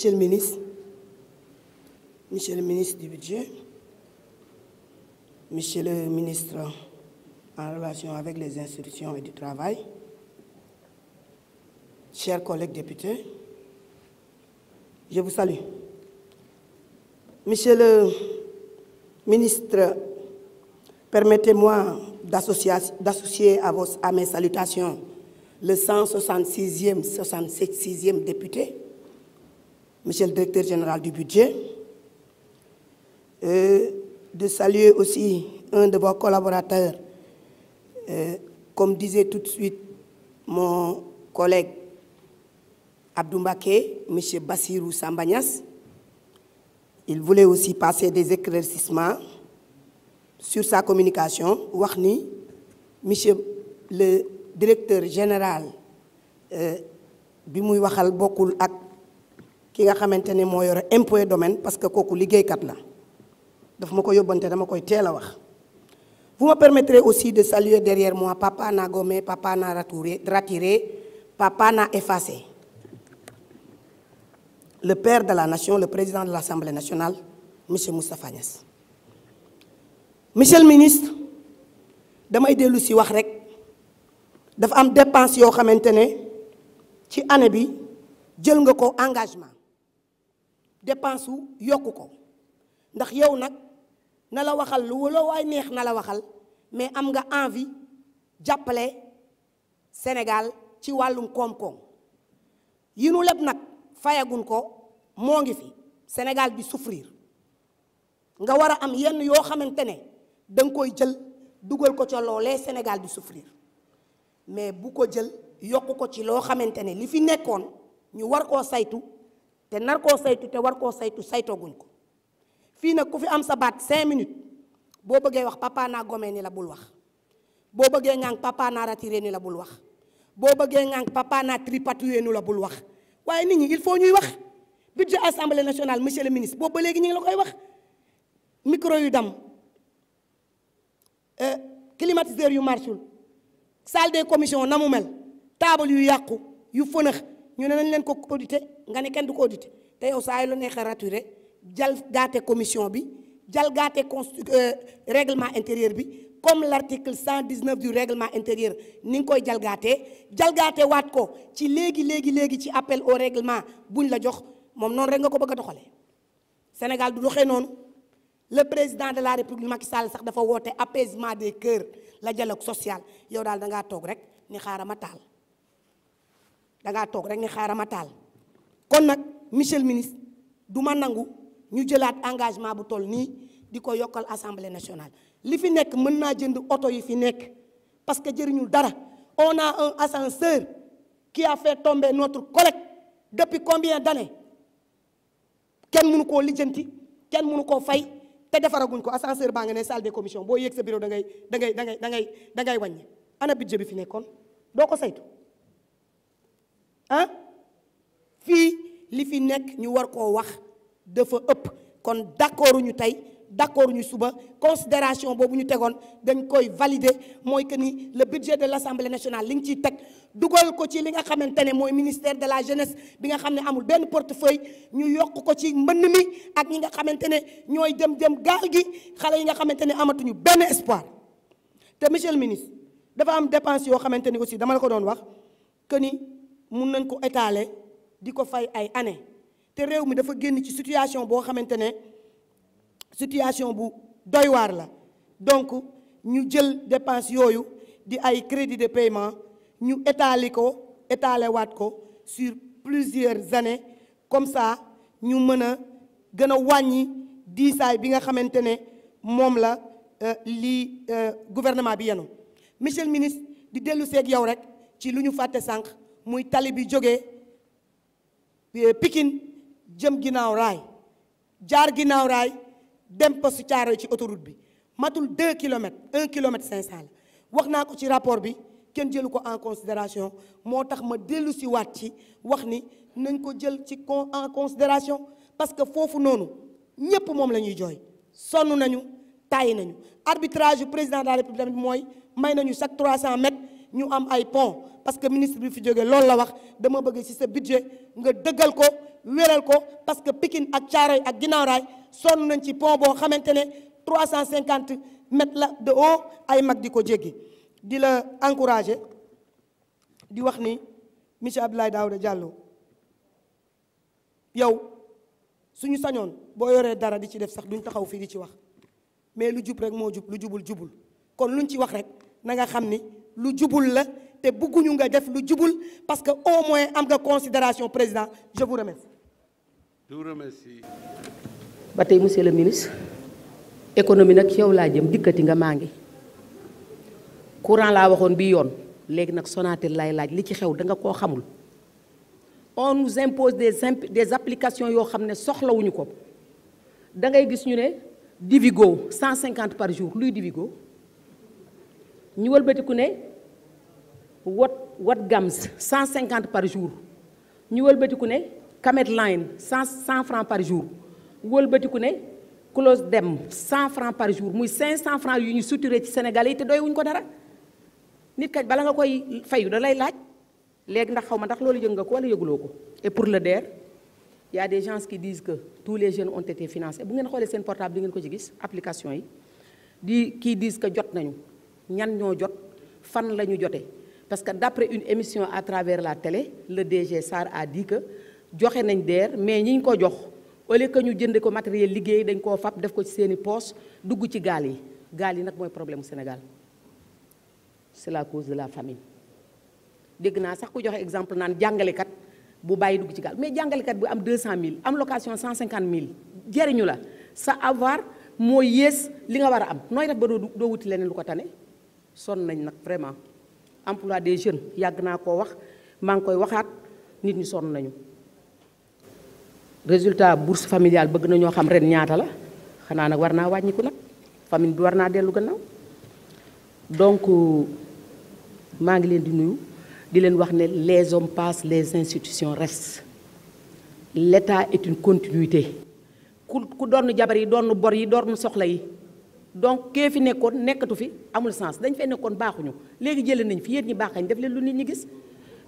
Monsieur le ministre, Monsieur le ministre du Budget, Monsieur le ministre en relation avec les institutions et du travail, chers collègues députés, je vous salue. Monsieur le ministre, permettez-moi d'associer à, vos, à mes salutations le 166e, 66e député monsieur le directeur général du budget, euh, de saluer aussi un de vos collaborateurs, euh, comme disait tout de suite mon collègue Abdoumbaké, monsieur Bassirou Sambagnas. Il voulait aussi passer des éclaircissements sur sa communication. wax ni monsieur le directeur général, euh, bi muy waxal bokkul ak ki nga xamante ne moo yore impôt domaine parce que kooku kat la daf ma ko yóbbante dama koy teel a wax. vous me permettrez aussi de saluer derrière moi papa n'a gommé papa n'a raturé ratiré papa n'a effacé le père de la nation le président de l'Assemblée nationale monsieur Moustapha Niass. monsieur le ministre damay dellu si wax rek dafa am dépense yoo xamante ne ci année bi jël nga ko engagement. dépense wu yokku ko ndax yow nag na la waxal lu wala waay neex na la waxal mais am nga envi jàppale Sénégal ci wàllum koom-koom yi nu lépp nag fayagun ko moo ngi fi Sénégal bi souffrir nga war a am yenn yoo xamante ne danga koy jël dugal ko ci loolee Sénégal bi souffrir mais bu ko jël yokk ko ci loo xamante ne li fi nekkoon ñu war koo saytu te nar koo saytu te war koo saytu saytoo guñ ko fii nag ku fi am sa baat cinq minutes boo bëggee wax papa naa gomee ni la bul wax boo bëggee ŋàng papa naa ratiré ni la bul wax boo bëggee ŋàng papa naa tripatoué ni la bul wax waaye nit ñi il faut ñuy wax budget assemblée nationale monsieur le ministre boobu ba léegi ñu ngi la koy wax micro yu dam euh, climatiseur yu marchul salle des commissions na mu mel taabal yu yàqu yu fënax ñu ne nañ leen ko audité nga ne kenn du ko audité te yow saa yu la neexee raturé jal gaate commission bi jal gaate constu euh, réglement intérieur bi comme l'article 119 du règlement intérieur ni nga koy jalgaatee jalgaate waat ko ci léegi léegi léegi ci appel au règlement buñ la jox moom noonu rek nga ko bëgg a doxalee Sénégal du doxee noonu le président de la république Macky Sall sax dafa woote apaisement des cœurs la dialogue social yow daal da ngaa toog rek ni xaaral ma taal. dangaa toog rek ne xaaral ma taal kon nag monsieur le ministre du ma nangu ñu jëlaat engagement bu tol nii di ko yokkal assemblée nationale li fi nekk mën naa jënd oto yi fi nekk parce que jëriñu dara on a un ascenseur qui a fait tomber notre collègue depuis combien d'années kenn mënu koo lijjanti kenn mënu koo fay te defaraguñ ko ascenseur baa nga ne salle des commissions boo yéeg sa bureau da ngay da ngay da ngay da ngay da ngay wàññi ana bi fi nekkoon doo ko saytu ah fii li fi nekk ñu war koo wax dafa ëpp kon d'accordu ñu tey d'accordu ñu suba considération boobu ñu tegoon dañ koy valider mooy que ni le budget de l'Assemblée nationale li nga ciy teg dugal ko ci li nga xamante ne mooy ministère de la jeunesse bi nga xam ne amul benn portefeuille ñu yokk ko ci mbënn mi ak ñi nga xamante ne ñooy jëm dem gaal gi xale yi nga xamante ne amatuñu benn espoir te monsieur le ministre dafa am dépense yoo xamante ni aussi dama ko doon wax que ni. mun nañ ko étaler di ko fay ay années te réew mi dafa génn ci situation boo xamante ne situation bu doy la donc ñu jël dépense yooyu di ay crédit de paiement ñu étaler ko étaler waat ko sur plusieurs années comme ça ñu mën a gën a wàññi diisaay bi nga xamante ne moom la euh, lii euh, gouvernement bi yenu monsieur le ministre di dellu seeg yow rek ci lu ñu fàtte sànq muy tali bi jógee eh, pikin jëm ginnaaw raay jaar ginnaaw raay dem poste Thiaroye ci autoroute bi matul 2 kilomètres 1 kilomètre 500 la wax naa ko ci rapport bi kenn jëlu ko en considération moo tax ma dellu si waat ci wax ni nañ ko jël ci en considération parce que foofu noonu ñépp moom la ñuy jooy sonn nañu tàyyi nañu arbitrage yu président de république tamit mooy may nañu chaque 300 mètres ñu am ay pont parce que ministre bi fi jógee loolu la wax dama bëgg ci sa budget nga dëggal ko wéral ko parce que pikin ak Thiaroye ak Guinaw Rail nañ ci pont boo xamante ne 350 mètres la de haut ay mag di ko jéggi di la encourager di wax ni monsieur Abdoulaye Daouda Diallo yow suñu sañoon boo yoree dara di ci def sax duñ taxaw fii di ci wax mais lu jub rek moo jub lu jubul jubul kon luñ ci wax rek na nga xam ni lu jubul la te bëgguñu nga def lu jubul parce que au moins am nga considération président je vous remercie. ba tey monsieur le ministre économie nag yow laa jëm dikkati nga maa ngi courant laa waxoon bi yoon léegi nag Sonatel lay laaj li ci xew da nga koo xamul on nous impose des imp des applications yoo xam ne soxlawuñu ko da ngay gis ñu ne Divigo cinquante par jour luy Divigo ñu wëlbatiku ne. wat wat gams 150 par jour ñu wëlbatiku ne kamet line cent 100 francs par jour wëlbatiku ne close dem cent francs par jour muy cinq 500 francs yu ñu suturé ci Sénégal yi te doy ko dara nit kat bala nga koy fayu da lay laaj léegi ndax xaw ma ndax loolu yëg nga ko wala yëguloo ko et pour le DER y a des gens qui disent que tous les jeunes ont été financés bu ngeen xoolee seen portable di ngeen ko ci gis application yi di kii disent que jot nañu ñan ñoo jot fan la ñu jotee parce que d'après une émission à travers la télé le DG Sarr a dit que joxe nañ DER mais ñi ñu ko jox au lieu que ñu jënd ko matériel liggéey dañ koo fab def ko ci seeni poche dugg ci gaal yi gaal yi nag mooy problème Sénégal c'est la cause de la famille dégg naa sax ko joxe exemple naan jàngalekat bu bàyyi dugg ci gaal mais jàngalekat bi am 200000 am location 150000 jariñu la sa avoir moo yées li nga war a am nooy def ba doo doo wuti leneen lu ko tane sonn nañ nag vraiment. emploi des jeunes yàgg naa koo wax maa ngi koy waxaat nit ñi sonn nañu. résultat bourse familiale bëgg na ñoo xam ren ñaata la xanaa nag war naa wàññiku nag famille bi war naa dellu gannaaw donc maa ngi leen di nuyu di leen wax ne les hommes passent les institutions res l' état est une continuité ku ku doon jabar yi doon bor yi doon soxla yi. donc kee fi nekkoon nekkatu fi amul sens dañ fee nekkoon baaxuñu léegi jële nañ fi yéen ñi baax def leen lu nit ñi gis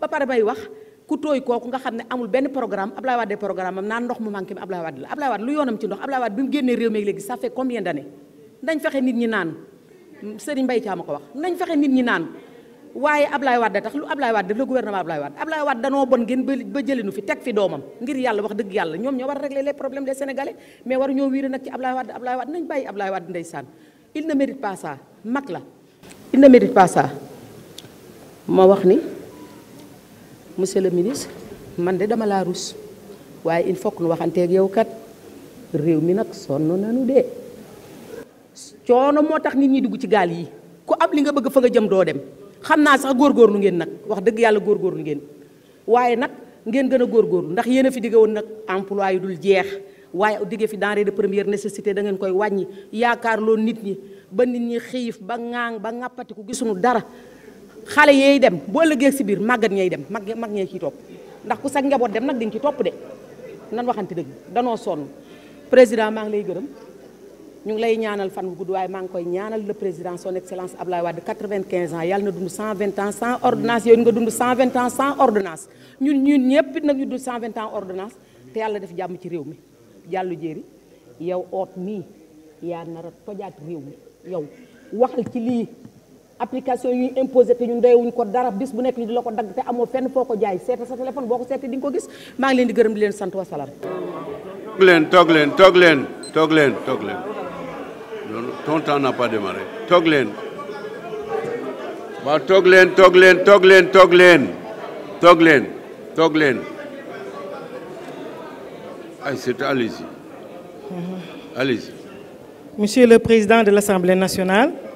ba pare bay wax ku tooy kooku nga xam ne amul benn programme Ablaye Wade programme am naan ndox mu manqué mi Ablaye Wade la Ablaye Wade lu yoonam ci ndox Ablaye Wade bi mu génnee réew mi léegi ça fait combien d'années dañ fexe nit ñi naan Serigne Mbaye Thiam a ko wax nañ fexe nit ñi naan waaye Ablaye Wade tax lu Ablaye Wade def la gouvernement Ablaye Wade Ablaye Wade danoo bon ngeen ba jëlinu fi teg fi doomam ngir yàlla wax dëgg yàlla ñoom ñoo war a régler les problèmes des mais war ñoo wiire nag ci Ablaye Wade Ablaye Wade nañ bàyyi Ablaye Wade ndeysaan il ne mérite pas mag la il ne mérite pas ma wax ni monsieur le ministre man de dama laa rus waaye il faut nu waxanteeg yow kat réew mi nag sonn nanu dee coono moo tax nit ñi dugg ci gaal yi ku am li nga bëgg fa nga jëm doo dem xam naa sax góor góor lu ngeen nag wax dëgg yàlla góor góor lu ngeen waaye nag ngeen gën a góor góorgóorlu ndax yéen fi digge woon nag emploi yu dul jeex waaye digge fi denrée de première nécessité da ngeen koy wàññi yaakaar loolu nit ñi ba nit ñi xiif ba ŋaang ba ku gisuñu dara xale yeey dem bu ëllëgee si biir màggat ñay dem mag mag ñee ciy topp ndax ku sa njaboot dem nag dañ ci topp de nan waxante dëgg danoo sonn président maa ngi lay gërëm ñu ngi lay ñaanal fan bu gudd waaye maa ngi koy ñaanal le président son excellence Ablaye Wade 95 ans yàlla na dund 120 ans sans ordonnance yooyu nga dund ans sans ordonnance ñun ñun ñëpp it nag ñu dund 120 ans ordonnance te yàlla def jàmm ci réew mi jàllu jéeri yow oot mii yaa na a tojaat réew mi yow waxal ci lii application yuy imposé te ñun doyewuñ ko dara bis bu nekk ñu di la ko dagg te amoo fenn foo ko jaay seeta sa téléphone boo ko seetee di nga ko gis maa ngi leen di gërëm di leen sant wasalaam. toog leen toog leen toog leen. loolu ton temps n'a pas démarré toog leen waaw toog leen toog leen toog leen toog leen toog leen toog leen ay c'est allez mhm. Monsieur le Président de l'Assemblée nationale